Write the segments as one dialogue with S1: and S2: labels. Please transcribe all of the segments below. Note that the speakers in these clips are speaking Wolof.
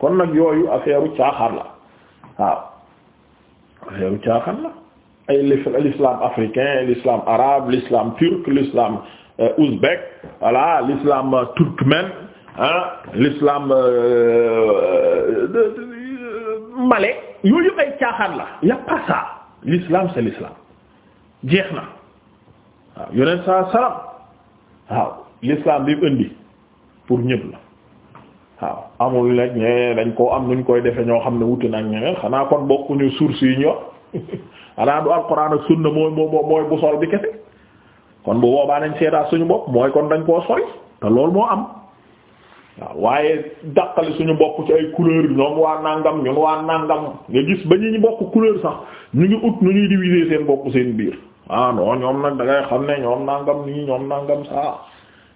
S1: kon nag yooyu affaire u la waaw affaire u la ay l'islam africain l'islam arabe l'islam turc l'islam euh, ouzbek voilà l'islam euh, turkmène ah l'islam euh, malais yooyu ay caaxaan la y a pas ça l'islam jeex na waaw yoneen saa salam waaw l'islam bi indi pour ñëpp la waaw amul nag ñee dañ koo am nuñ koy defe ñoo xam ne wuti nag ñeneen xanaa kon bokkuñu source yi ñu wax xanaa du alquran ak sunna mooy mooy bu sol bi kese kon bu boobaa nañ seetaat suñu bopp mooy kon dañ koo sori te loolu moo am waaw waaye dàqali suñu bokk ci ay couleur ñoom waa nàngam ñun waa ba ñu bokk couleur sax ñu ngi ut nu ñuy diviser seen bopp seen biir ah non ñoom nag da xam ne ñoom nàngam nii ñoom nàngam saa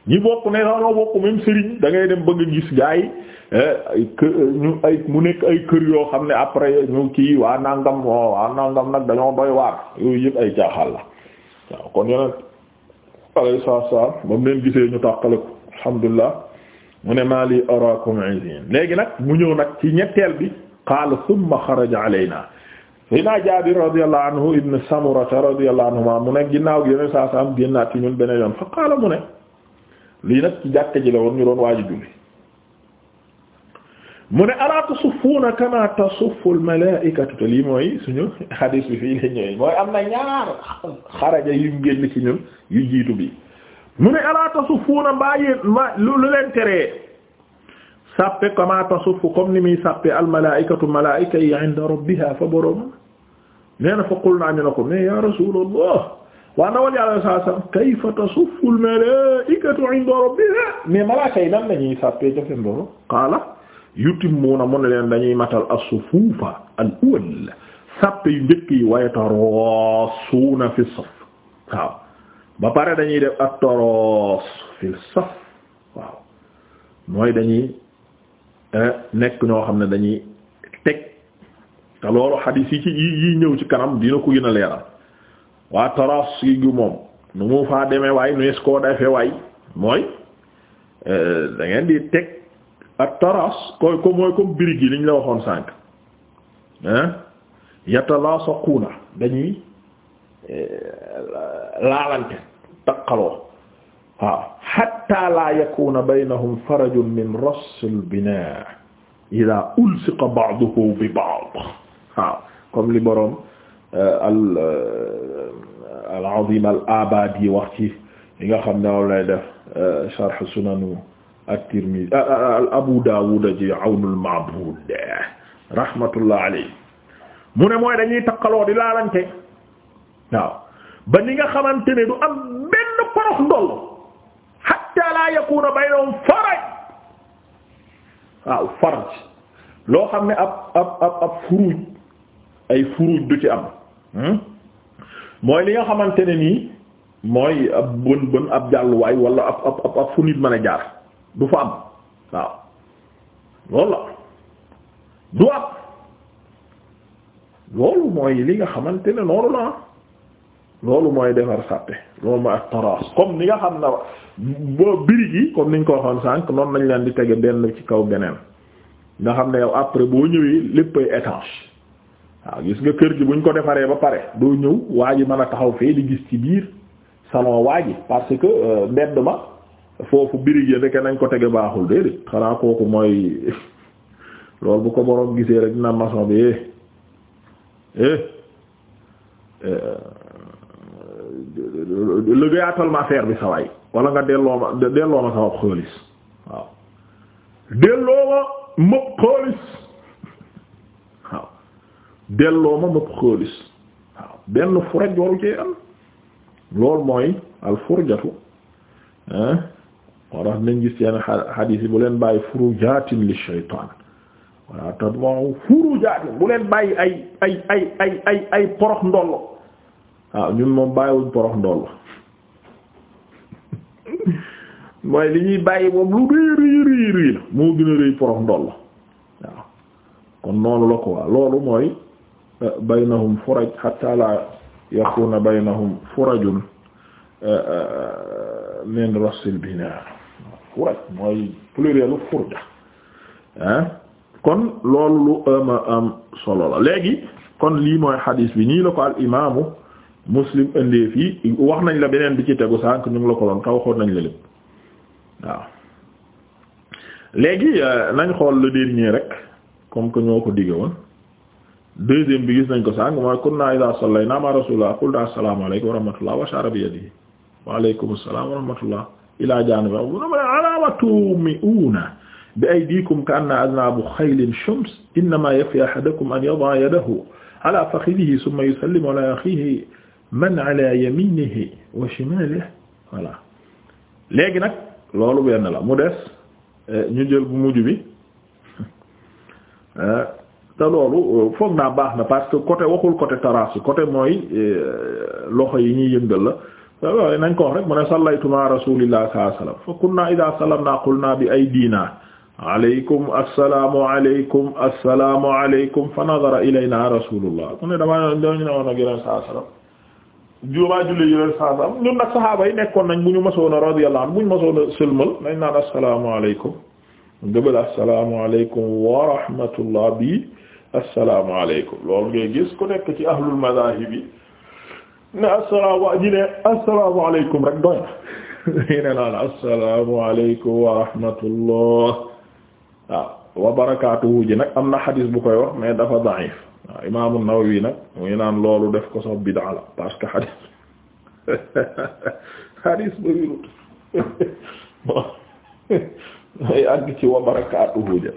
S1: ñi bokk ne dañoo bokk même sëriñ da ngay dem bëgg a gis gaa yi eh, eh, ñu ay mu nekk ay kër yoo xam ne après ñu kii waa nangam waa nangam nag dañoo doy waar yooyu yëpp ay jaaxal la waaw kon yonent alayhi salaam ba li araakum izin nag mu ñëw nag ci ñetteel bi qaala thumma xaraja alaynaa Sayyidina Jaabir radiyallahu anhu ibn Samurata radiyallahu anhu mu ne ginnaaw gi yonent saa génnaat ci ñun beneen yoon fa qaala mu ne. lii nag ci jàkka ji la woon ñu doon waaju julli mu ne alaa tasuffuuna kama tasuffu al-malaa'ikatu te lii mooy suñu hadis bi fii la ñëwee mooy am na ñaar xaraja yu génn ci ñun yu jiitu bi mu ne alaa tasuffuuna mbaa yéen lu leen teree sàppe kama tasuffu comme ni muy sàppe al-malaa'ikatu malaa'ika rabbiha fa boroom nee na fa qulnaa ñu ne ko mais ya rasuulallah waa ndawal yàlla saa sam kayfa tasuffu al-malaa'ikatu 'inda rabbiha mais malaaka yi nan lañuy sàppee jafe yu qaala yutimmuuna mu ne leen dañuy matal as-sufuufa al-awwal sàppe yu njëkk yi wa yataraasuuna fi saf waaw ba pare dañuy def at-taraas fi saf waaw mooy dañuy eh, nekk ñoo xam ne dañuy teg te loolu xadiis yi ci yi ñëw ci kanam dina ko gën a leeral waa taras yi gu moom nu mu faa demee waay nu es koo defee waay mooy euh, da ngeen di teg ak taras koy ko mooy comme birig yi liñ la waxoon sànq ah yatalasaquuna dañuy euh, laalante taqaloo waaw hatta la yakuna baynahum farajun min rass al binaa ila ulsiqa bi ba'd comme li boroom euh, al-azim al-abadi wax ci li nga xam ne moom lay def euh, sharh sunanu at-Tirmidhi euh, euh, Abu Dawud ji Awnul Ma'bud rahmatullah alayhi mu ne mooy dañuy takkaloo di laalante waaw ba ni nga xamante ne du am benn porox ndoll hatta la yakuna baynahum faraj waaw faraj loo xam ne ab ab ab ab furuj ay furuj du ci am hmm? mooy li nga xamante ne nii mooy ab bën bën ab jàlluwaay wala ab ab ab fu nit mën a jaar du fa am waaw loolu la du am loolu mooy li nga xamante ne noonu la loolu mooy defar sàppe loolu mooy ak taraas comme ni nga xam na birig yi comme niñ ko waxoon sànq noonu lañ leen di tege benn ci kaw beneen nga xam ne yow après boo ñëwee léppay étanche waaw gis nga kër gi buñ ko defaree ba pare doo ñëw waa yi mën a taxaw fee di gis ci biir salon waa ji parce que euh, mbedd ma foofu birig ya ndeke nañ ko tege baaxul déedéet xanaa kooku mooy loolu bu ko borom gisee rek dina maçon bi eh eh euh, liggéeyaatal ma affaire bi sawaay wala nga delloo ma delloo ma sama xaalis waaw delloo ma ma xaalis delloo ma mopp xaalis waaw benn furaj waru loolu mooy al furjatu hein moo tax yenn xadiis bàyyi furujaatin li shaytaan moom furujaatin bu leen bàyyi ay ay ay ay ay ay porox ndollo waaw ñun moom bàyyiwuñ porox ndollo mooy li ñuy bàyyi moom lu rëy rëy rëy moo gën a rëy porox ndollo waaw kon noonu la ko waa loolu mooy baynahum furaj hatta la yakuna baynahum furajun euh, euh, min rassil bina furaj mooy plurielu furja ah kon loolu lu ama am solo la léegi kon lii mooy xadiis bi ñuy la ko al imaamu muslim indee fii wax nañ la beneen bi ci tegu sànq ñu ngi la ko doon taw xool nañ la lépp waaw léegi euh, nañ xool le dernier rek comme que ñoo ko digge woon deuxième bi gis nañ ko sànq mooy kunna idha sallayna ma rasulullah qulna assalamu alaykum wa rahmatullah wa shara bi yadihi wa alaykum assalam wa rahmatullah ila janibi alamatu mi'una bi aydikum ka'anna aznabu khaylin shums innama yakfi ahadakum an yada'a yadahu ala fakhidhihi thumma yusallimu ala akhihi man ala yaminihi wa shimalihi voilà léegi nag loolu benn la mu des eh, ñu jël bu mujj bi eh, te loolu euh, foog naa baax na que côté waxul côté terrasse côté mooy euh, loxo yi ñuy yëngal la waaye nañ ko wax rek mu ne sallaytu ma rasulillah sallallahu alayhi wasallam fa kunna qulna bi aydina aleykum assalaamu aleykum assalaamu aleykum fa nadara ilayna rasulullah mu ne damaa dañu ne woon nekkoon nañ bu ñu ma a radiyallahu anhu bu ñu masoon a sëlmal nañ naan assalaamu aleykum dëbal bi assalaamu alaykum loolu ngay gis ku nekk ci ahlul madahib yi ne assalaamu ñi ne assalaamu alaykum rek doy na ñi ne naan assalaamu alaykum wa rahmatullah waaw ah, wa barakaatuhu ji nag am na xadiis bu koy wax mais dafa da'if waaw ah, imaamu Nawawi nag muy naan loolu def ko sax bid'a la parce que xadiis xadiis ba wirut mooy àgg ci wa barakaatuhu ja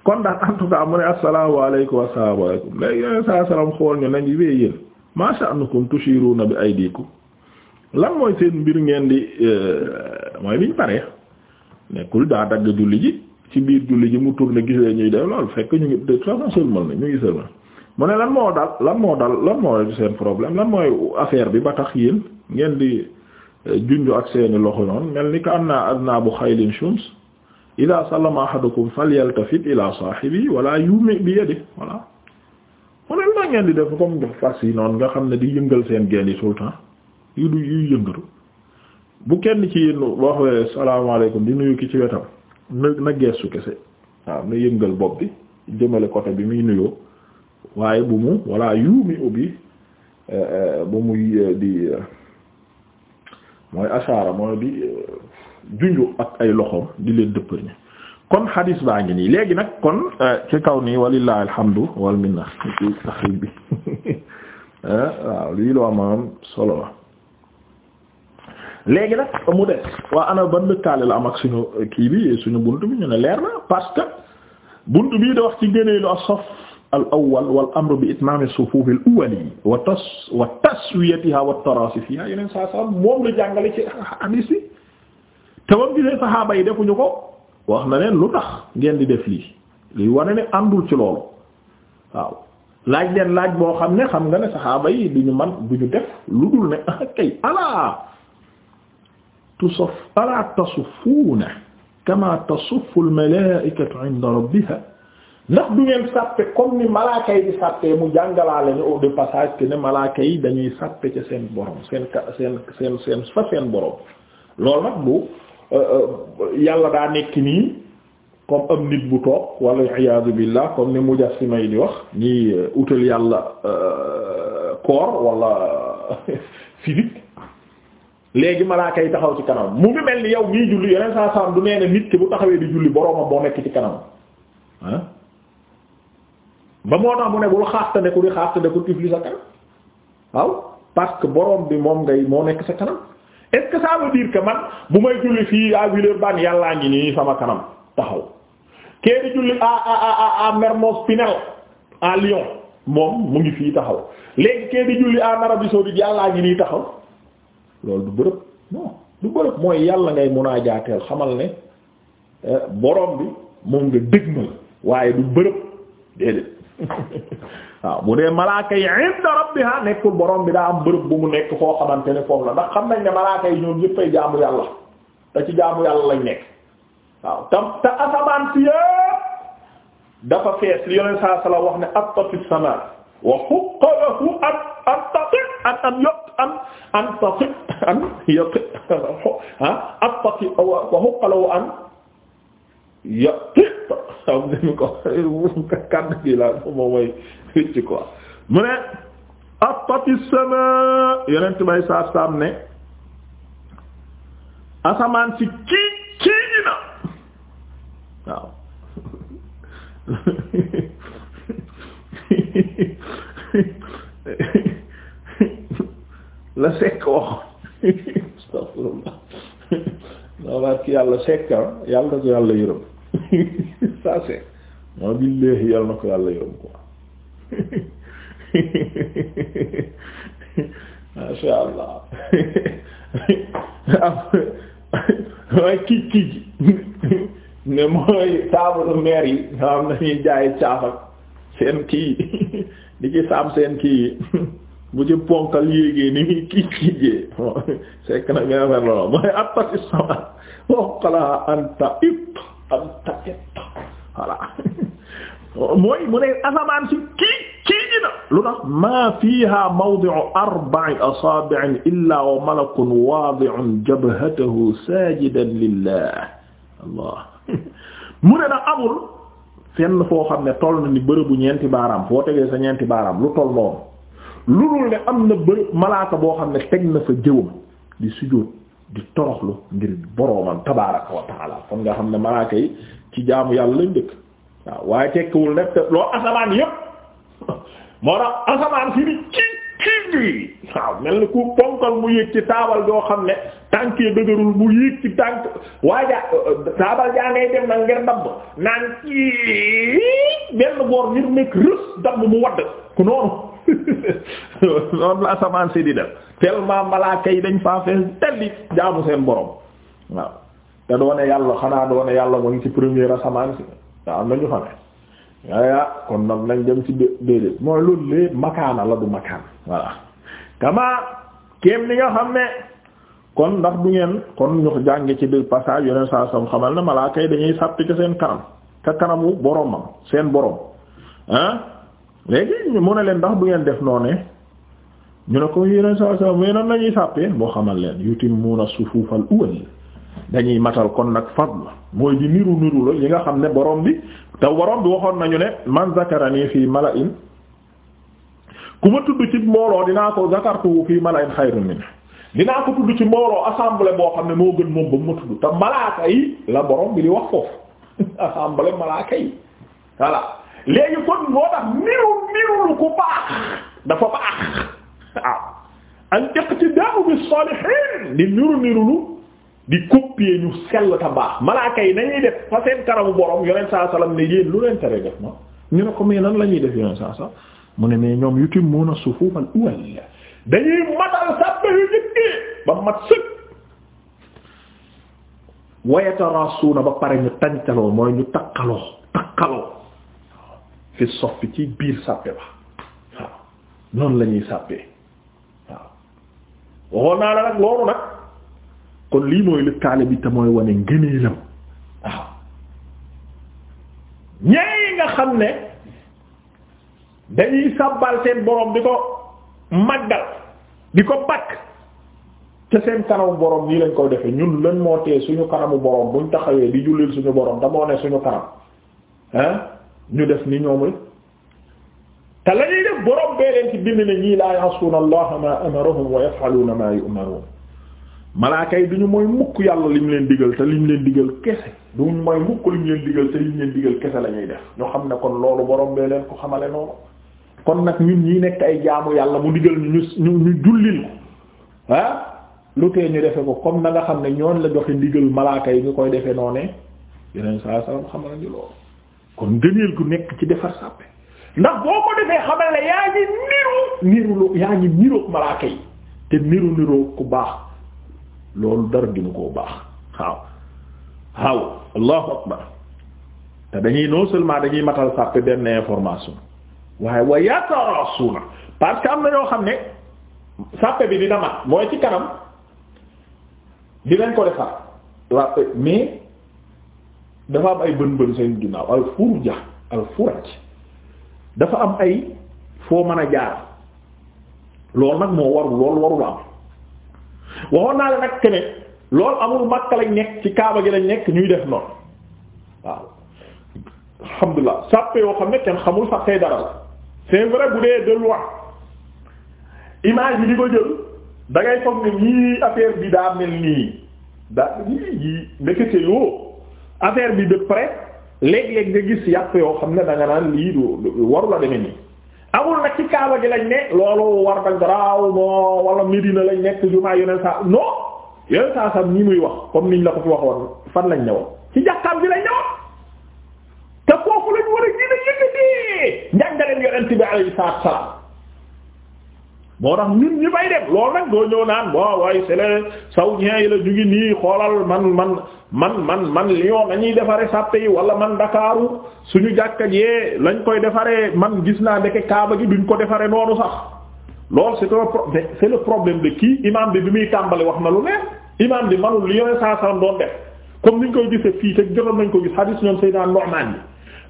S1: kon daal en tout cas mu ne asalaamaaleykum wa salaamaaleykum léegi yeneen salaam xool ñu nañ wee yéen ma sha'nukum tushiruna bi aydikum lan mooy seen mbir ngeen di euh, mooy biñ paree nekkul daa dagg julli ji ci biir julli ji mu tourné gisee ñuy def loolu fekk ñu ngi de trois cent ñu ngi seulement mu ne lan moo dal lan moo dal lan mooy seen problème lan mooy affaire bi ba tax yéen ngeen di euh, junju ak seeni loxo noonu mel ni ka am naa adnaa bu xaylin shums ida sallama ahadukum falyaltafit ila saahibi wala yumi bi yadihi voilà mu ne la ngeen di def comme fas yi noonu nga xam ne di yëngal seen geen yi tout le yu du bu kenn ci yéen waxee salaamaaleykum di nuyu ki ci wetam na na geestu kese waaw na yëngal bopp bi jëmale côté bi muy nuyoo waaye bu mu wala yuumi ubbi eh, eh, bu muy eh, di mooy ashaara mooy di junju ak ay loxoom di leen dëppër kon xadiis baa ngi nii léegi nag kon euh, ci kaw nii walillahi alhamdu wal minna ci taxriij bi euh, waaw lii loo am solo la léegi nag mu des waa ana ban lëkkaale la am ak suñu kii bi suñu bunt bi ñu ne leer na parce que bunt bii da wax ci gëneelu as-saf al awwal wal amru bi itmaam as-sufuf al awwali wa tas wa taswiyatiha wa tarasi fiha yeneen saa saa moom la jàngale ci hadis bi te ba mu gisee saxaaba yi defuñu ko wax na leen lu tax ngeen di def lii luy wane ne àndul ci loolu waaw laaj leen laaj boo xam ne xam nga ne saxaaba yi ñu man duñu def lu dul ne ah kay alaa tusaf alaa tasuffuuna kama tasuffu al-malaa'ikatu 'inda rabbiha ndax du ngeen sàppe comme ni malaaka yi di sàppe mu jàngalaale ñu au de passage que ne malaaka yi dañuy sàppe ca seen borom seen ka seen seen seen fa seen borom loolu nag bu yàlla daa nekk nii comme am nit bu toog wala iyaadu billah comme ni mujassima yi di wax nii euh, utal yàlla euh, corps wala euh, physique léegi malaaka yi taxaw ci kanam mu ngi mel ni yow mii julli yeneen saa saam du nee nit ki bu taxawee di julli boroomam boo nekk ci kanam ba moo tax mu ne bul xaastandeku di xaastandeku tifli sa kanam waaw parce que boroom bi moom ngay moo nekk sa kanam est-ce que ça veut man bu may julli fii à Villeurbanne yàllaa ngi nii sama kanam taxaw kee di julli à à à à Mermoz Pinel à Lyon moom mu ngi fii taxaw léegi kee di julli en Arabie saoudite yàllaa ngi nii taxaw loolu du bërëb non du bërëb mooy yàlla ngay a munaajaateel xamal ne eh, borom bi moom nga dëgmal waaye du bërëb déedéet. waaw bu dee malaaka yi inda rabbiha nekkul borom bi daa am bërëb bu mu nekk foo xamante ne foofu la ndax xam nañ ne malaaka yi ñoom yëpp ay jaamu yàlla te ci jaamu yàlla lañ nekk waaw te te asamaan dafa fees li yoneen saa sala wax ne attati samaa wa huqqa lahu an an tati an an yot an an tati ya xam nañu ko kàddu gi laa moom mooy rëcc quoi mu ne atati sama yonent bay saa saam ne asamaan si kii kii gi na waaw la sekk wax barki yàlla sekk yàlla na ko yàlla yërëm ça c'est maa billahi yàlla na ko yàlla yërëm quoi masha allah mooy kij kij ne mooy taabalu meer yi nga xam ne ñuy jaay caafak seen kii di ci saam seen kii bu ci ponkal yéegée ni muy kij kijee fekk na benn affaire loolu mooy apati sama oqalaa anta it anta it voilà mooy mu ne asamaan si kii kii ji na lu tax maa fiiha mawdi'u arba'i asaabi'in illaa wa malakun waadi'un jabhatahu saajidan lillah allah mu ne na amul fenn foo xam ne tol na ni bërëbu ñeenti baaraam foo tegee sa ñeenti baaraam lu toll noonu lu dul ne am na bërëb malaaka boo xam ne teg na fa jëwam di sujjóot di toroxlu ngir boroomam tabaaraka wa kon nga xam ne malaaka yi ci jaamu yàlla lañ dëkk waaw waaye tekkiwul nekk loolu asamaan yépp moo tax asamaan si ni kii kii waaw mel ni ku ponkal mu yéeg ci taabal joo xam ne tànk yi dëgërul mu yéeg ci tànk waaye taabal jaa ngay dem nag ngir dabb naan kii benn boor ngir nekk rës dabb mu wadd ku noonu noonu la asamaan si di def tellement malaaka dañ faa fees delli jaamu seen borom waaw te doone yàlla xanaa doone yàlla mu ngi ci première asamaan si waaw am na ñu fa ne kon nag nañ dem ci déedéet mooy loolu lee makaana la du makaan voilà kamaa kéem ni nga xam ne kon ndax du ngeen kon ñu jànge ci biir passage yeneen saa sam xamal ne malaaka dañuy sàppi ci seen kanam ka kanamu boromam seen borom ah léegi mu ne leen ndax bu ngeen def noone ñu ne ko yeneen saa saa mu yeneen lañuy boo xamal leen yutimmuuna sufuufal awwal dañuy matal kon nag fadl mooy di niru niru la nga xam ne borom bi te borom bi waxoon nañu ne man zakarani fii mala'in ku ma tudd ci mbooloo dinaa ko zakartu fii mala'in xayrun min dinaa ko tudd ci mbooloo assemblée boo xam ne moo gën moom ba mu ma malaaka yi la borom bi di wax foofu assemblée malaaka yi voilà léegi kon moo tax niru niru ku baax dafa baax waaw an iqtidaa'u bis di niru niru di copier ñu sell ta baax malaaka yi nañuy def fa seen karamu borom yonent saa salaam ne yéen lu leen def ma ñu ne ko mais nan la ñuy def yonent saa salaam mu ne mais ñoom yutimmuuna sufuufal awwal dañuy matal sàppe yu njëkk ba mat sëkk wa yataraasuuna ba pare ñu tàncaloo mooy ñu takkaloo takkaloo. fi soppi ci biir sàppe ba waaw noonu la ñuy sàppee waaw waxoon naa la nag loolu nag kon lii mooy lëkkaale bi te mooy wane ngëneelam waaw ñee nga xam ne dañuy sàbbal seen boroom di ko màggal di ko bakk ca seen kanamu boroom nii lañ koo defe ñun lan moo tee suñu kanamu boroom buñ taxawee di jullil suñu boroom damoo ne suñu kanam ah ñu def ni ñoom rek te la ñuy def borom bee leen ci bind ne ñii laa ya'suuna allaha ma amarahum wa yaf'aluuna ma yu'maruun malaaka yi duñu mooy mukk yàlla lim leen digal te lim leen digal kese duñu mooy mukk lim leen digal te lim leen digal kese la ñuy def ñu xam ne kon loolu borom bee leen ko xamale noonu kon nag ñun ñi nekk ay jaamu yàlla mu digal ñu ñu ñu jullil ko ah lu tee ñu defe ko comme na nga xam ne ñoon la joxe ndigal malaaka yi ñu koy defee noonee yeneen saa salaam xamal ñu loolu kon ngëneel gu nekk ci defar sàppe ndax boo ko defee xamal ne yaa ngi niru niru yaa ngi niroog malaaka yi te niru niroog ku baax loolu dara ginu koo baax waaw waaw allahu akbar te dañuy non seulement dañuy matal sàppe benn information waaye wa yatarasuna parce que am na ñoo xam ne sàppe bi dina mat mooy ci kanam dinañ ko defar waaw mais dafa am ay bën bën seen ginnaaw al furja al furaj dafa am ay foo mën a jaar loolu nag moo warul loolu warul am waxoon naa la nag kene loolu amul Makka nekk ci Kaaba gi lañ nekk ñuy def noonu waaw alhamdulilah sàppe yoo xam ne kenn xamul sax tey dara la c'est vrai bu dee de loin image bi di ko jël da ngay foog ne ñii affaire bi daa mel nii daa yii yii ndekete yoo affaire bi de près léeg-léeg nga gis yàpp yoo xam ne da nga lii du waru la demee nii amul nag ci kaaba gi lañ ne loolu war da moo wala Medina lañ nekk jumaa yeneen saa non yeneen saa sam ñi muy wax comme niñ la ko fi waxoon fan lañ ne woon ci jàkkaam bi lañ ne woon te foofu lañ war a gën a yëkkati njàngaleen yonent bi alayhi salaatu wa salaam moo tax nit ñi fay dem loolu nag doo ñëw naan bon waaye c'est les saoudiens yi la ñu ngi nii xoolal man man man man man Lyon nañuy defaree sàppe yi wala man Ndakaaru suñu jàkka jee lañ koy defaree man gis naa ndeke Kaaba gi duñ ko defaree noonu sax loolu c'est le c'est le problème de kii imam bi bi muy tàmbali wax na lu ne imam bi manul li yore saa saa doon def comme niñ koy gisee fii te jotoon nañ ko gis hadith ñoom Seydina Nu'man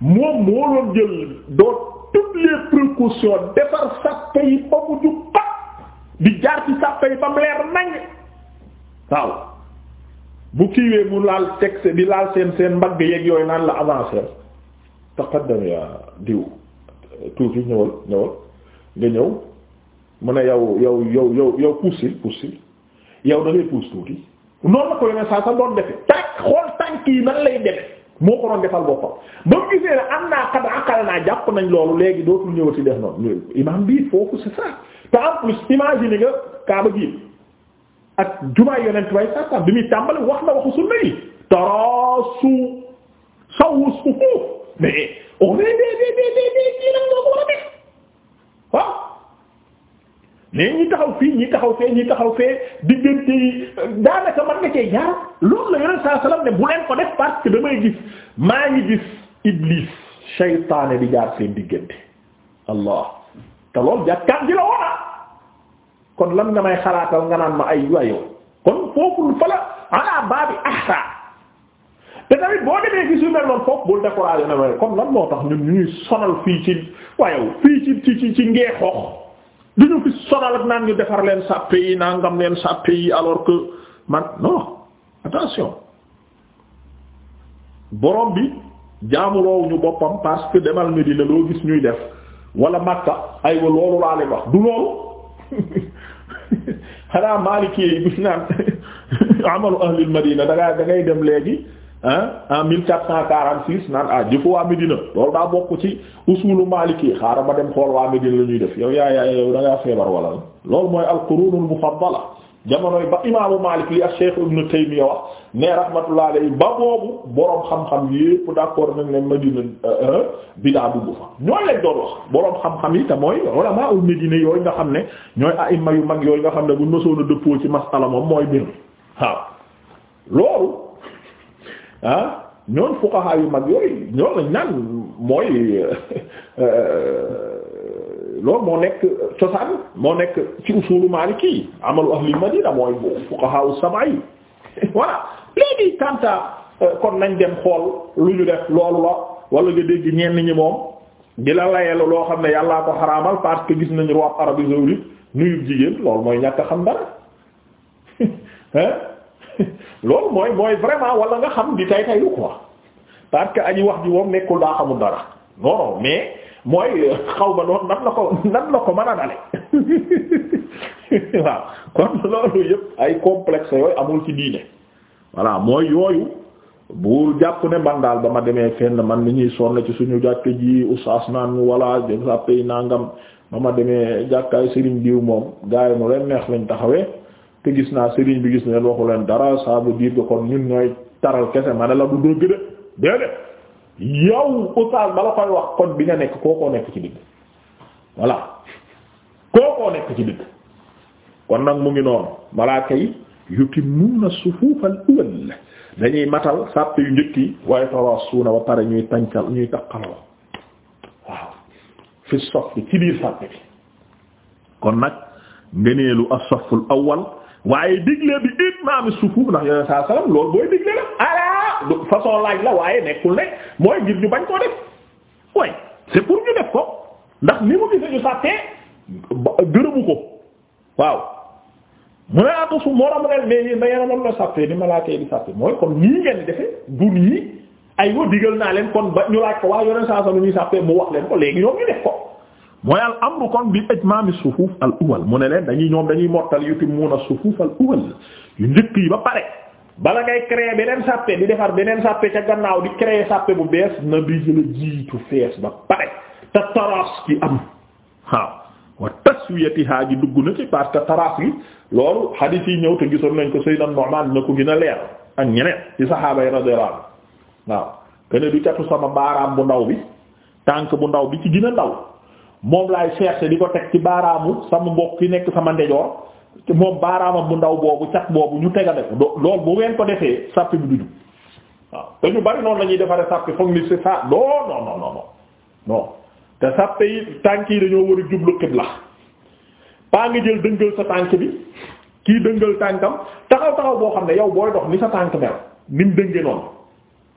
S1: bi moom moo doon jël doot. toutes les précautions defar sàppe yi ba mu ju di jaar ci sàppe yi ba mu leer nañ waaw bu kiiwee mu laal teg di laal seen seen mbagg yeeg yooyu naan la avancer taqaddam ya diw tuuti ñëwal ñëwal nga ñëw mu ne yow yow yow yow yow poussil poussil yow da ngay pousse tuuti noonu la ko yone saa sa doon defe tak xool tànk yi nan lay defe moo ko doon defal boppam ba mu gisee ne am naa xad nañ loolu léegi dootul ñëwati def noonu imam bi foofu c'est ça te en plus nga kaaba gi ak jumaay yonent way sàttam bi muy tàmbali wax na waxu sunna yi tarasu sawu sufuuf mais on est des des des kii nag moo ko war mais ñi taxaw fii ñi taxaw fee ñi taxaw fee diggante yi daanaka man nga jaar loolu la yonent saa salaam ne bu leen ko def parce que damay gis maa ngi gis iblis shaytaane di jaar seen diggante allah te loolu jàkkaat ji la woon ah. kon lan nga may xalaatal nga naan ma ay wayow kon foofu fa la ala baabi ahsa te tamit boo demee gis mel noonu foofu bul découragé na ma kon lan moo tax ñun ñuy sonal fii ci wayow fii ci ci ci ngeexoox du ñu fi ak naan ñu defar leen sàppe yi nangam leen sàppe yi alors que man non attention borom bi jaamuloowu ñu boppam parce que demal Medina loo gis ñuy def wala Makka aywa loolu laa leen wax du loolu xanaa Maliki yi bu ñu naan amalu ahlil Madina da ngay dem léegi. en 1446 naan ah jëfu waa Medina loolu daa bokk ci usulu Maliki xaaral ba dem xool waa Medina la def yow yaa yaa yow da ngaa feebar wala loolu mooy al-qurunul mufaddala jamonoy ba imaamu Malik li ak Cheikh Ibn Taymiyya wax ne rahmatullah ba boobu boroom xam-xam yépp d'accord nañ ne Medina euh, euh, bidaa dugg fa ñooy lañ doon wax boroom xam-xam yi te mooy ulamaa'ul Medina yooyu nga xam ne ñooy a a'imma yu mag yooyu nga xam ne bu ñu mësoon a dëppoo ci masala moom mooy mbir waaw ah ñoon fuqaha yu mag yooyu ñoon lañ naan mooy euh, euh, loolu moo nekk cosaan moo nekk ci usulu maliki amalu ahli madina mooy fuqaha sama saba yi voilà léegi kanta euh, kon nañ dem xool lu ñu def loolu la wala nga dégg ñenn ñi moom di la layelu loo xam ne yàllaa ko xaraamal parce que gis nañu roi Arabie saoudite nuyu jigéen loolu mooy ñàkk xam dara loolu mooy mooy vraiment walla nga xam di tay taylu quoi parce que aji wax ji moom nekkul daa xamul dara non non mais mooy euh, xaw ma noonu nan la ko nan la ko mën a dale waaw kon loolu yëpp ay complexe yooyu amul ci diine voilà mooy yooyu bu jàpp ne man daal ba ma demee fenn man ni ñuy sonn ci suñu jàkk ji oustaz naan wala sàppe yi nangam ba ma demee jàkkaay sëriñ diw moom gaay mu leen neex lañ taxawee te gis naa sëriñ bi gis na leen waxu leen dara ça veut dire kon ñun ñooy taral kese ma la du dëgg de déedéet yow oustaz bala koy wax kon bi nga nekk kookoo nekk ci digg voilà kookoo nekk ci digg kon nag mu ngi noonu malaaka yi yutimmuuna pare ñuy tàncal ñuy kon nag ngëneelu waaye digle bi itmaam sufuuf ndax yoneen saa salaam loolu booy digle la ala façon laaj la waaye nekkul ne mooy ngir ñu bañ koo def way c'est pour ñu def ko ndax ni mu gise ñu sàttee gërëmu ko waaw mu ne atasu moo ramu nel mais yéen na yaramam la sàttee ni malaaka yi di sàttee mooy kon nii ngeen defe du nii ay wa digal naa leen kon ba ñu laaj ko waaye yoneen saa salaam ñuy sàttee mu wax leen ko léegi ñoom ñu def ko mooy al amru kon bi ijmaami sufuuf al awwal mu ne leen dañuy ñoom dañuy mottal yu timmuuna sufuuf al awwal yu njëkk yi ba pare bala ngay créer beneen sàppe di defar beneen sàppe ca gannaaw di créer sàppe bu bees na bi la jiitu fees ba pare te taraas ki am waaw wa taswiyatiha gi dugg na ci parce que taraas gi loolu hadith yi ñëw te gisoon nañ ko Sayyidna Nu'man na ko gën a leer ak ñeneen ci saxaaba yi radiyallahu anhu waaw kenn du catu sama baaraam bu ndaw bi tànk bu ndaw bi ci gën moom laay chercher di ko teg ci baaraamu sama mbokk ki nekk sama ndejoor moom baaraamam bu ndaw boobu cat boobu ñu tegale ko loolu bu ngeen ko defee sàpp bi duñu waaw te bari noonu la ñuy defaree sàpp foog ni c'est ça non non non non non te sàpp yi tànk yi dañoo war a jublu xibla paa nga jël dëngal sa tànk bi kii dëngal tànkam taxaw taxaw boo xam ne yow booy dox ni sa tànk mel ni mu dënge noonu.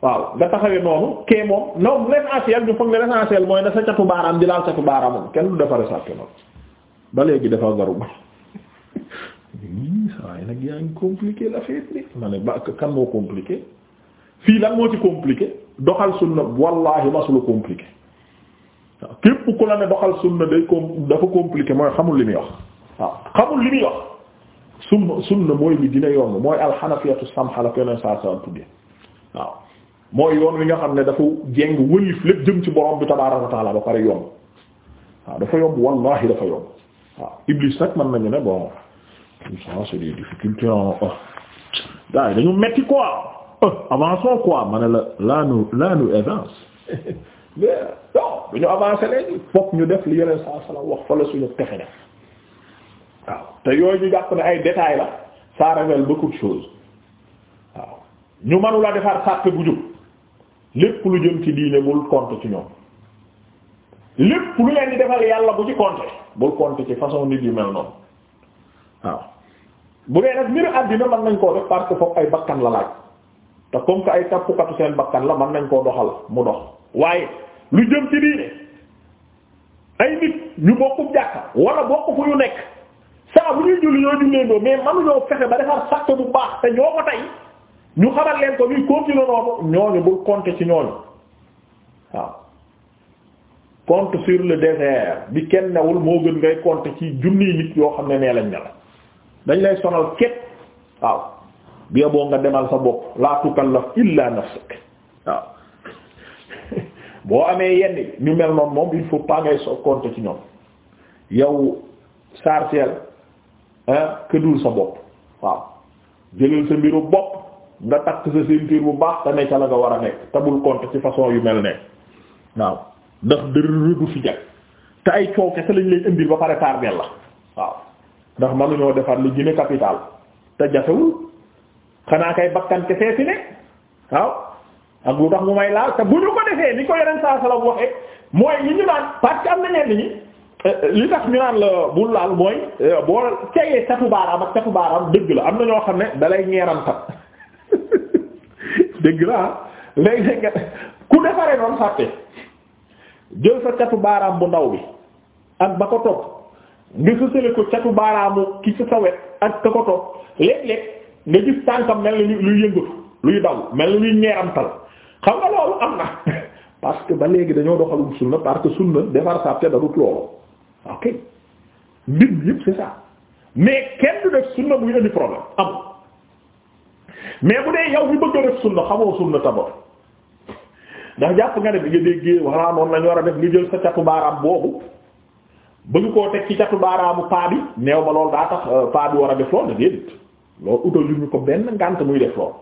S1: waaw nga taxawee noonu kee moom noonu l'essentiel ñu foog ne l'essentiel mooy na sa catu baaraam di laal catu baaraamam kenn du defare sàkke noonu ba léegi dafa garu ba saa nag yaa ngi compliqué la fête bi ma ne ba kan moo compliqué fii lan moo ci compliqué doxal sunna wallahi masulu compliqué képp ku la ne doxal sunna day com dafa compliqué mooy xamul li muy wax waaw xamul li muy wax sunna sunna mooy li dina yomb mooy alxanafiyatu samha waaw mooy yoon wi nga xam ne dafa jéng wëlif lépp jëm ci borom bi tabaaraka wa taala ba pare yomb waaw dafa yomb wallahi dafa yomb waaw Iblis nag mën nañu ne bon ça ah, c'est des difficultés en ah, ah. gars dañu la laa nu laa nu avance mais fokk ñu def li yeneen saa sala wax fa la suñu tefe def waaw te yooyu ñu jàpp ne ay détails la ça révèle beaucoup de choses ñu mënula defar sàppe bu jub lépp lu jëm ci diine bul compter ci ñoom lépp lu leen di defal yàlla bu ci compter bul compter ci façon nit yu mel noonu waaw bu dee nag mbiru àddina man nañ koo def parce que foofu ay bakkan la laaj te comme que ay tappukatu seen bakkan la man nañ koo doxal mu dox waaye lu jëm ci diine ay nit ñu bokku jàkka wala bokk fu ñu nekk saa bu ñuy julli ñoo jullee doo mais mënuñoo fexe ba defar sàkk bu baax te ñoo ko tey ñu xamal leen ko ñuy continuer noonu ñooñu bul compter ci ñooñu waaw compte sur le désert bi kenn newul moo gën ngay compter ci junniy nit yoo xam ne nee lañ ne la dañ lay sonal képp waaw bi boo nga demal sa bopp la tukallaf illa nafsak waaw boo amee yenn ñu mel noonu moom il faut pas ngay so ci ñoom yow sarcel ah këdul sa bopp waaw jëlal sa mbiru bopp nga takk sa ceinture bu baax te ne ca la nga war a nekk te bul ci façon yu mel ne waaw ndax dërër du fi te ay coow kese lañ lay indil ba pare tardé la waaw ndax mënuñoo defar lu gën a capital te jafewul xanaa kay bakkan kese fi ne waaw ak lu tax mu may laal te bu ñu ko defee ni ko yeneen saa salaam waxee mooy yi ñu naan parce que am na ñenn ñi euh, li tax ñu naan la bul laal mooy euh, boo cayee catu baaraam ak catu baaraam dëgg la am na ñoo xam ne dalay ñeerantat dégg la ah. léegi nga ku defaree noonu fàtte jël sa catu baaraam bu ndaw bi ak ba ko topp nga sësale ko catu baaraamu ki ci sa wet ak ka ko topp léeg-léeg nga gis tànkam mel ni luy yëngatu luy daw mel ni luy ñeerantal xam nga loolu am na parce que ba léegi dañoo doxalum sunna parce que sunna defar sàtte darut loolu ok mbir mi yëpp c'est mais kenn du def sunna muy indi problème am mais bu dee yow mi bëgg a def sunna xamoo sunna taba ndax jàpp nga ne bi nga déggee walla war a def nga jël sa catu baaraam boobu bëgg koo teg ci catu baaraamu paa bi neew ma loolu daa tax euh, paa war a def lool da déedéet loolu utal yu ñu ko benn ngànt muy def lool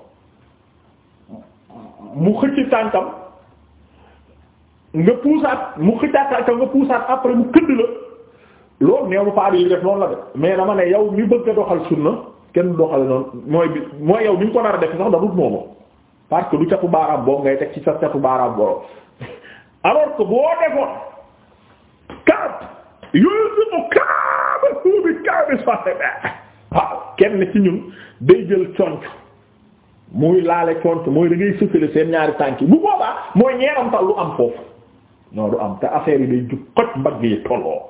S1: mu xëcc tànkam nga puusaat mu xëccaat tànkam nga puusaat après mu këdd la loolu neew ma paa bi def noonu la mais dama ne yow mi bëgg a doxal sunna kenn doxale noonu mooy bi mooy yow ni nga ko nar a def sax da dut moomu parce que du catu baaraam boobu ngay teg ci sa catu baaraam boobu alors que boo kenn ci ñun day jël conc muy laale conc mooy da ngay sësale seen ñaari tànk bu boobaa mooy ñeenam tal lu am foofu non du am te affaire yi day jug mbagg yi tolloo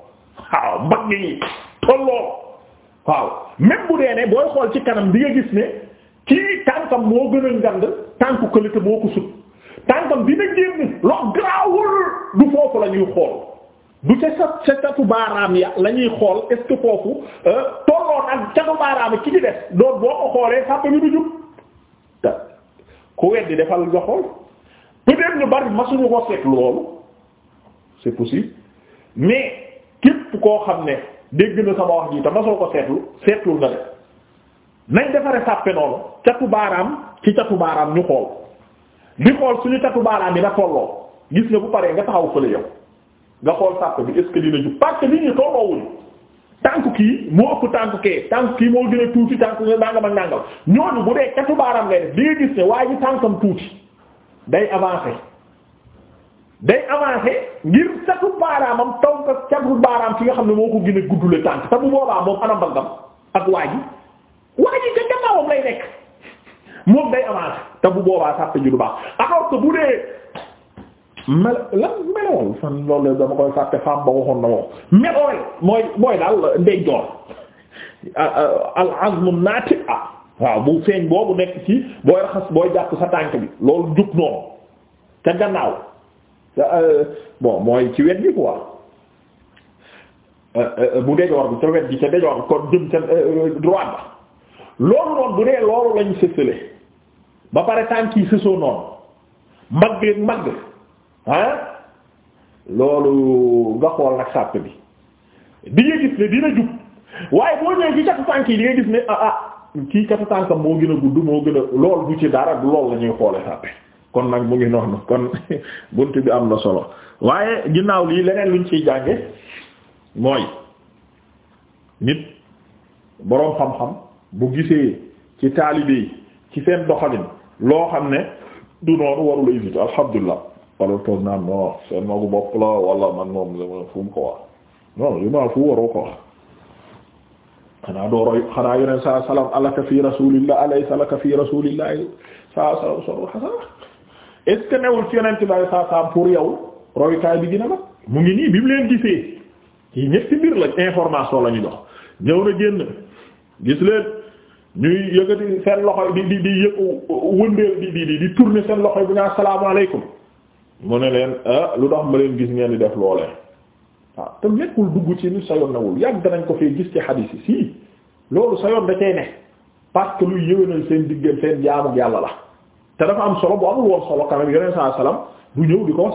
S1: waaw mbagg yi tolloo waaw même bu dee ne booy xool ci kanam di nga gis ne kii tànkam moo gën a ngand tànku këlite moo ko sut tànkam dina génn loo garaawul du foofu la ñuy xool du ca sa ca catu baaraam ya la ñuy xool est ce que foofu euh, tolloon ak catu baaraam ci di des doon boo ko xoolee sàpp bi du jub te ku weddi defal nga xool peut-être ñu bari masuñu ko seet loolu c'est possible mais képp koo xam ne dégg na sama wax ji te ma soo ko seetlu seetlu nga def nañ defare sàppe noonu catu baaraam ci catu baaraam ñu xool di xool suñu catu baaraam yi na tolloo gis nga bu paree nga taxaw fële yow nga xool sàppe bi est-ce que dina jub parce que nit ñi tolloowuñu tànk kii moo ëpp tànk kee tànk kii moo gën a tuuti tànk nangam ak nangam ñooñu bu dee catu baaraam ngay def di nga gis ne waa ji tànkam tuuti day avancer day avancé ngir catu baaraamam taw ka catu baaraam ci nga xam ne moo ko gën a guddule tànk te boobaa moom ana mbagam ak waa ji waa ji ca gannaawam lay nekk moom day avancé te boobaa sàppe ji du baax alors bu dee mel lan melowol fan loolu dama koy sàppe femme ba waxoon na moom melowol mooy mooy daal ndey joor al azmu naati waaw bu feeñ boobu nekk ci booy raxas booy jàpp sa tànk bi loolu jug noonu ca gannaaw Euh, euh, bon mooy ci wet euh, bi quoi bu dejoor bi ca wet bi ca dejoor kon jëm ca droite ba loolu noonu bu dee loolu lañu sësale ba pare tànk yi sësoo noonu mag ak mag ah loolu nga xool nag sàpp bi di nga gis ne dina jub waaye boo ñëwee ci catu di nga gis ne ah ah kii catu tànkam moo gën a gudd moo gën lool du ci dara du lool la ñuy xoole sàppe kon nag mu ngi noonu kon bunt bi am la solo waaye ginnaaw lii leneen luñ ciy jànge mooy nit boroom xam-xam bu gisee ci taalibe ci seen doxalin loo xam ne du noonu warula éviter alhamdulilah wala toog naan non seen magu bopp la wala man moom fu mu ko wax non yu maa fu waroo ko wax xanaa doo roy xanaa yeneen saa salaam alaka fi rasulillah alaysa laka fi rasulillah saa salaam soro xasana est-ce que newul ci yonent bi saa saa pour yow royukaay bi dina mag mu ngi nii bi mu leen gisee ci ñetti mbir lañ information la dox jox ñëw na génn gis leen ñuy yëkkati seen loxo di di di yëg wëndeel di di di di tourner seen loxo bi nga salaamaaleykum mu ne leen ah, lu tax ma leen gis ngeen di def loolee waaw ah, te nekkul dugg ci ni sa yoon newul yàgg nañ ko fee gis ci xadiis yi si loolu sa yoon da cay ne parce que luy yëwénal seen diggante seen jaamu yàlla la. te dafa am solo bu amul woon solo kanam yeneen saa salaam du ñëw di kon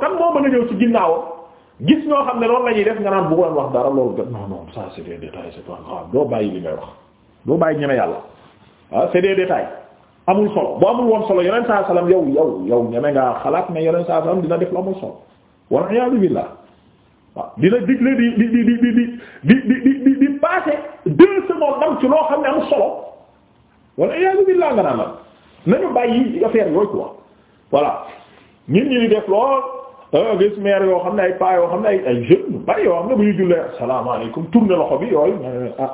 S1: kan moo mën a ñëw ci ginnaawam ñoo xam ne loolu la ñuy nga naan bu ko wax dara loolu non non ça c'est des détails c'est pas grave doo yàlla ah c'est des détails amul solo bu amul woon solo yeneen saa salaam yow yow yow ñeme ngaa xalaat ne yeneen saa salaam dina def lu amul solo wal iyaadu billah waaw dina digle di di di di di di di di di passé deux secondes ci loo xam ne amul solo. wala iyaazu billaah nga naan la nañu bàyyi affaire yooyu quoi voilà ñun ñi di def lool ah, gis maire yoo xam ne ay paa yoo xam ne ay ay jeunes yu bari yoo xam ne bu ñu jullee asalaamaaleykum tourner loxo bi yooyu ah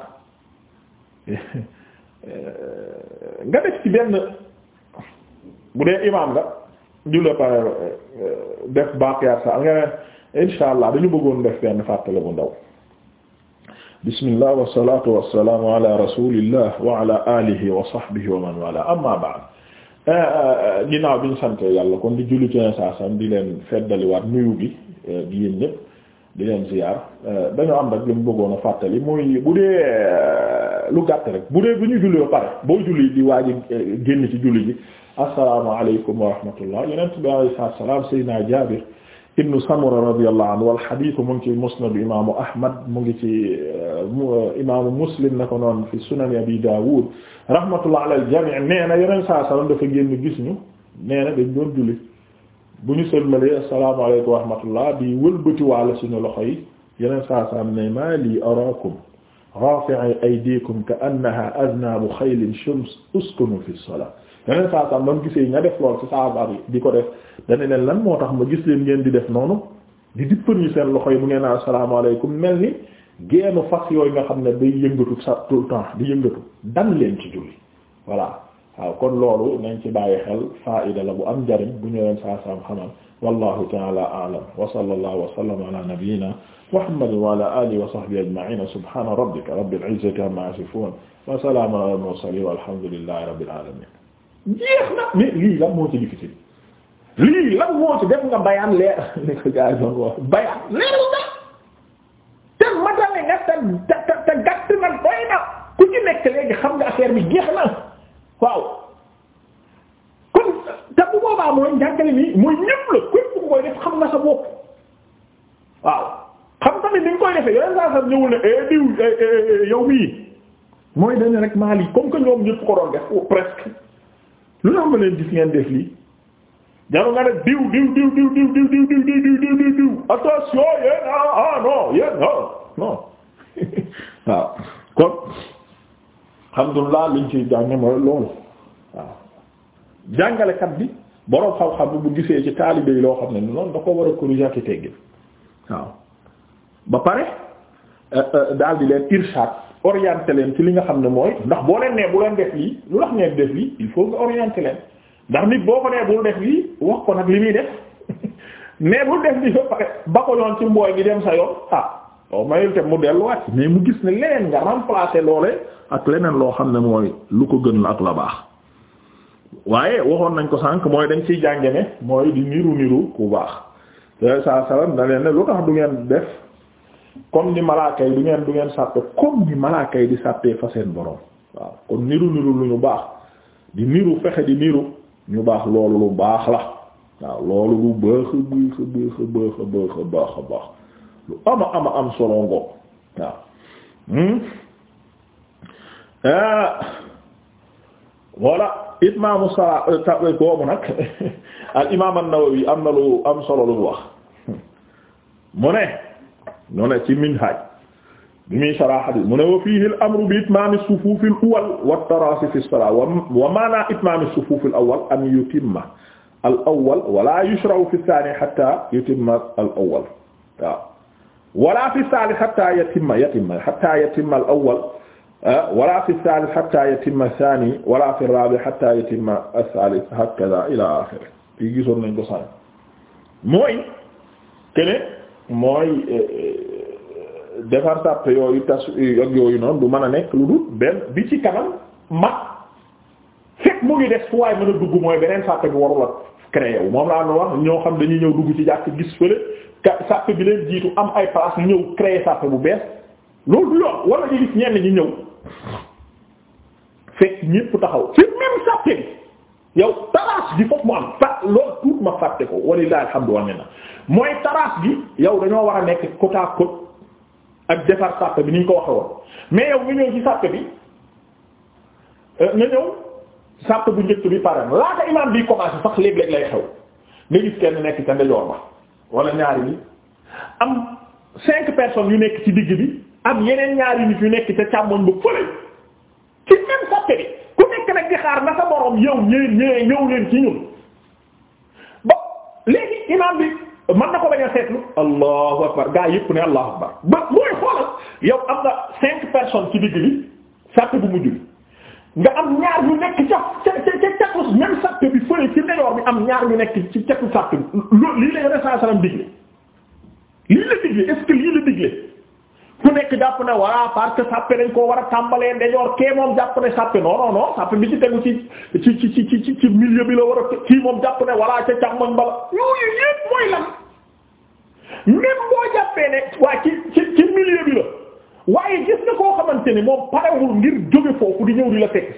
S1: nga def ci benn bu dee imaam nga jullee pare eh, eh, def baax yaar sa nga ne insha allah dañu bëggoon def benn fàttale bu ndaw. bismillah wasalaatu wasalaamu ala rasulillah wa ala alihi wa sahbihi wa man wala amma ba'd eh, eh, eh, ginnaaw biñ sante yàlla kon di julli ci ne saasam di leen feddaliwaat nuyu gi di yéen ñëpp di leen ziyaar dañoo am rek lu mu bëggoon a fàttali muy bu dee lu gàtt rek bu dee bu ñu julli ba pare boo julli di waaji génn ci julli ji asalaamaaleykum wa rahmatullah yeneen bi alayhi salaam sayyidina Jaabir ibnu Samura radiyallahu anhu wal xadiis mu ngi ci musnadu imaamu Ahmad mu ngi ci uh, uh, imaamu Muslim na ko noonu fi sunani Abi Daawud rahmatullah ala al-jamii nee na yeneen saa salaam dafa génn gis ñu nee na dañ doon julli bu ñu sëlmalee assalaamu aleykum wa rahmatullah di wëlbati waale suñu loxo yi yeneen saa salaam ne maa lii araakum raafi'i aydiikum ka annahaa aznaabu xaylin shams uskunu fi salaa yeneen saa saa man gisee ña def lool ci sahaaba yi di ko def dana leen lan moo tax ma gis leen ngeen di def noonu di dippal ñu seen loxo yi bu ngeen naan asalaamaaleykum mel ni geenu fas yooyu nga xam ne day yëngatu sa tout le temps di yëngatu dan leen ci julli voilà waaw kon loolu nañ ci bàyyi xel faida la bu am njariñ bu ñëwee leen saa saam xamal wallahu ta'ala a'lam wa sallallahu wa sallama a nabiyyina muhammadin wa ala alihi wa sahbihi ajma'in subhana rabbika rabbil izzati amma yasifun wa salamun ala al mursalin walhamdulillahi rabbil jeex na mais lii lan moo ci difficile lii lan moo ci def nga bayaan leer ni ko gaa yi doon wax te matale nga te te gàtt na doy na ku ci nekk léegi xam nga affaire bi jeex na waaw kon te bu boobaa mooy njàngale nii mooy ñëpp la képp ku koy def xam nga sa bopp waaw xam tamit ni nga koy defee yeneen ne eh, diw eh, eh, yow mii mooy dañu rek maal yi comme que ñoom ñëpp ko doon def presque. lu tax ma leen gis ngeen def lii jaru nga def diw diw diw diw diw diw diw diw diw diw diw diw diw attention non yéen ah non waaw kon alhamdulilah liñ ciy jànge mooy loolu waaw jàngalekat bi boroom xaw xam bi bu gisee ci taalibe loo xam ne noonu da ko war a corriger ak teggin waaw ba pare daal di leen irshad orienté leen ci li nga xam ne mooy ndax boo leen nee bu leen def lii lu tax ngeen def lii il faut nga orienté leen ndax nit boo ko nee bul def lii wax ko nag li muy def mais bul def lii ba pare ba ko yoon ci mbooy gi dem sa yoon ah waaw mayul te mu delluwaat mais mu gis ne leneen nga remplacer loolee ak leneen loo xam ne mooy lu ko gën la ak la baax waaye waxoon nañ ko sànq mooy dañ ciy jànge ne mooy di niru niru ku baax te saa salaam da leen lu tax du ngeen comme ni malaaka yi du ngeen du ngeen sàppe comme ni malaaka yi di sàppee fa seen borom waaw kon niru niru lu ñu baax di niru fexe di niru ñu baax loolu lu baax la waaw loolu lu baax a baax a baax baax baax lu ama ama am solo ngoog waaw hmm? ah. voilà itmaamu salaa euh, tabe euh, boobu nag al imaam an-Nawawi am na lu am solo lu wax hmm. mu ne ñu ne ci minhaj bi muy sharah hadith mu ne wa fiihi al-amru bi itmaami as-sufuuf al-awwal wa at-taraasi fi as-salaa wa maanaa itmaami as-sufuuf al-awwal an yutimma al-awwal wa laa yushra'u fi ath-thaani hattaa yutimma al-awwal waaw wala fi ath-thaalith hattaa yatimma yatimma hattaa yatimma al-awwal wala fi ath-thaalith hattaa yatimma ath-thaani wala fi ar-raabi' hattaa yatimma ath-thaalith hakadhaa ilaa aakhirih fii gisoon nañ ko sànni mooy mooy euh, euh, defar sàpp yooyu tas ak yooyu noonu du mën a nekk lu dul benn bi ci kanam mag fekk mu ngi des fu waay mën a dugg mooy beneen sàpp bi warul a créé moom laa nu wax ñoo xam dañuy ñëw dugg ci jàkk gis fële ka sàpp bi leen jiitu am ay place ñu ñëw créé sàpp bu bees loolu du yoon wala ñu gis ñenn ñi ñëw fekk ñépp taxaw ci même sàpp bi yow taraas gi fokk mu am fa loolu tuut ma fàtte ko walillahi alhamdu wal minna mooy taraas bi yow dañoo war a nekk côte à ak defar sàpp bi niñ ñu ko waxe woon mais yow nga ñëw ci sàpp bi euh, nga ñëw sàpp bu njëkk bi pare na laata imaam bi commencé sax léeg lay xew nga gis kenn nekk ca ndejoor ba wala ñaari bi am cinq personnes yu nekk ci digg bi am yeneen ñaari nit yu nekk ca càmmoñ ba fële ci même sàpp bi yaakaar na sa borom yow ñeen ñee ñëw leen ci ñun ba léegi imaam bi mën na ko bañ a seetlu allahu akbar gaa yépp ne allahu akbar ba mooy xoolal yow am nga cinq personnes ci digg bi sàtt bu mujj nga am ñaar ñu nekk ca ca ca bi fële ci ndeyoor bi am ñaar ñu nekk ci catu sàtt bi lii la Rasul sallam digle lii la digle est-ce la digle ku nekk jàpp na voilà parce que sàppe koo war a tàmbalee ndejoor kee moom jàpp ne sàppe non non non sàppe bi ci tegu ci ci ci ci ci ci milieu bi la war a kii moom jàpp ne voilà ca càmmoñ bala yooyu yépp mooy lan même boo jàppee ne waa ci ci na koo xamante ni moom parewul ngir jóge foofu di ñëw di la fekk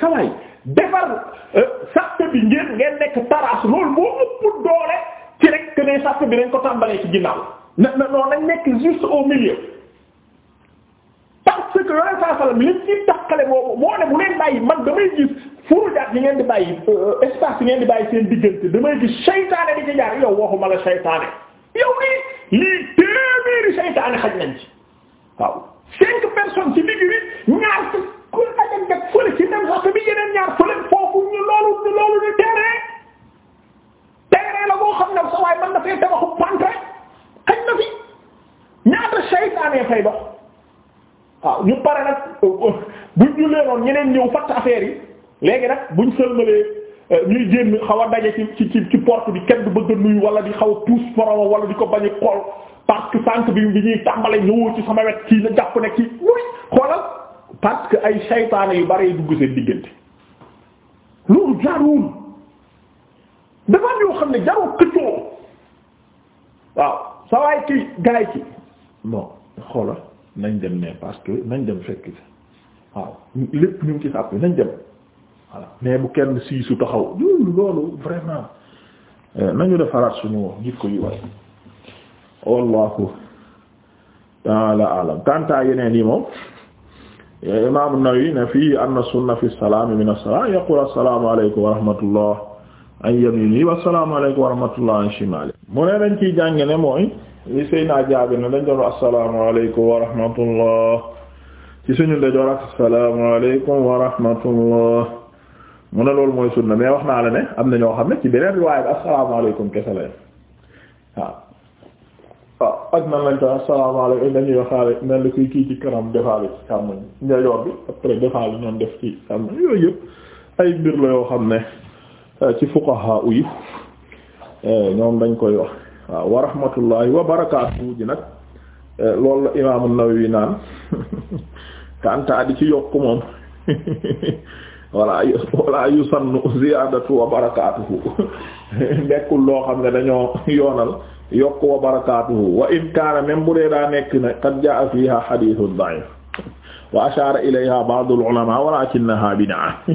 S1: sawaay defar euh, sàppe bi ngeen ngeen nekk taraas loolu moo ëpp doole ci rek que ne bi dañ ko tàmbalee ci ginnaaw na na noonu nañ nekk juste au milieu parce que yoneen saa sallam liñ ci takkale boobu moo ne bu leen bàyyi man damay gis furujaat yi ngeen di bàyyi euh, espace yi ngeen di bàyyi seen diggante damay gis seytaane di ci jaar yow waxuma la seytaane yow nii lii téeméeri seytaane xaj nañ ci affaire yi léegi nag buñ sëlmalee euh, ñuy génn xawa a daje ci ci ci porte bi kenn du bëgg a nuyu wala di xaw a foroma wala di ko bañ a xool parce que sànq bi bi ñuy tàmbale ñëwoo ci sama wet kii na jàpp ne kii muy xoolal parce que ay saytaane yu bari dugg seen diggante loolu jaarul dafa am yoo xam ne jarul këccoo waaw sa waay kii gaay ki bon xoolal nañ dem ne parce que nañ dem fekk waaw lépp ñu ngi ci sàpp nañ dem voilà mais bu kenn siisu taxaw loolu vraiment euh, nañu defaraat suñu jikko yi waaye wallahu taala alam kanta yeneen yi moom imam an ne fii anna sunna fi salaami min as-salaam yaqul assalaamu alaykum wa rahmatullah an yamini wa assalaamu alaykum wa rahmatullah an shimali mu ne dañ ciy jàng ci suñu ndejoor assalaamu alaykum wa rahmatullah mu ne loolu mooy sunna mais wax naa la ne am na ñoo xam ne ci beneen riwaaya bi assalaamu alaykum kese la waaw waaw ak nan lañ koy assalaamu alaykum dañuy kii ci kanam defaale ci càmmoñ ndejoor bi après defaale ñoom mbir la yoo xam ne euh, ci euh, dañ koy wax waaw wa rahmatullahi ji nag euh, loolu la imaam an-Nawawi naan kanta di ci yokk moom walla walla yu sannu ziyaadatu wa barakaatuhu nekkul loo xam ne dañoo yoonal yokk wa barakaatuhu wa in kaana même daa nekk ne qad jaa fiha hadithun da'if wa ashara ilayha ba'd al-ulama walakinaha bid'a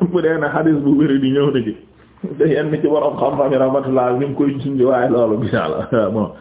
S1: bu koy junj waaye loolu bid'a la bon